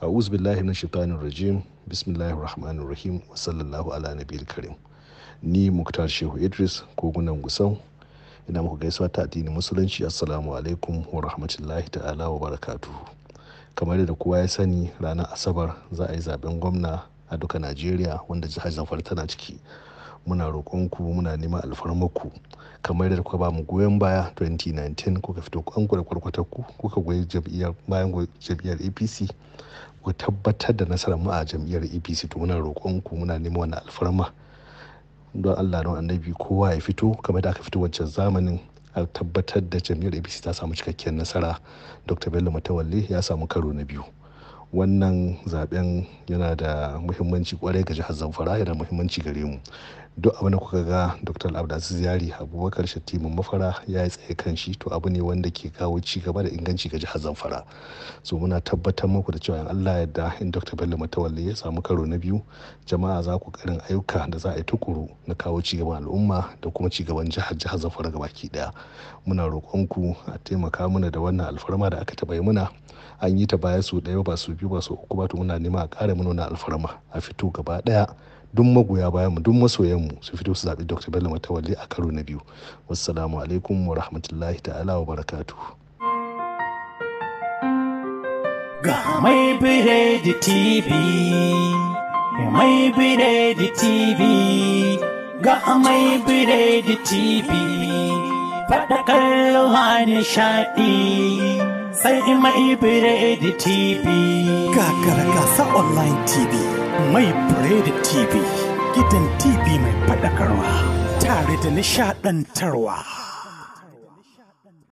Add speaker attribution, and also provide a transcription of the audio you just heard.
Speaker 1: a'udhu billahi min shaitanir rajim bismillahir rahmanir rahim wa sallallahu ala nabiyil karim ni muktar shehu idris kogunan gusau ina muku gaisuwa ta addinin musulunci assalamu alaikum wa rahmatullahi ta'ala wa barakatuhu kamar yadda kowa ya sani ranar asabar za a yi zaben gwamna a duka najeriya wanda jihar zamfara tana ciki muna roƙonku muna neman alfarmaku kamar da kuka ba mu goyon baya 2019 kuka fito kanku da kwarkwatar kuka goyi bayan jam'iyyar apc ku tabbatar da nasarar mu a jam'iyyar apc to muna roƙonku muna neman wani alfarma don allah don annabi kowa ya fito kamar da aka fito wancan zamanin a tabbatar da jam'iyyar apc ta samu cikakkiyar nasara dr bello matawalle ya samu karo na biyu wannan zaben yana da muhimmanci kwarai ga jihar zamfara yana da muhimmanci gare mu duk abu da kuka ga dr abdulaziz yari abubakar shatimin mafara ya yi tsaye kan shi to abu ne wanda ke kawo ci gaba da inganci ga jihar zamfara so muna tabbatar muku da cewa in allah da in dr bello matawalle ya samu karo na biyu jama'a za ku karin ayyuka da za a yi tukuru na kawo ci gaban al'umma da kuma ci gaban jihar jihar zamfara ke daya muna ku a taimaka mana da wannan alfarma da aka taɓa yi muna an yi ta baya su ɗaya ba su biyu ba su uku ba to muna nema a ƙara mana wannan alfarma a fito gaba ɗaya duk magoya bayan mu duk masoyan mu su fito su zaɓi Dr. Bello Matawalle a karo na biyu. Wassalamu alaikum wa rahmatullahi ta'ala wa barakatu. Ga mai biredi TV, mai
Speaker 2: biredi TV, ga mai biredi TV, faɗa kallo nishaɗi, sai mai
Speaker 3: biredi TV. gasa Online TV, mai Biredi TV, gidan TV mai faɗakarwa, tare da nishaɗantarwa.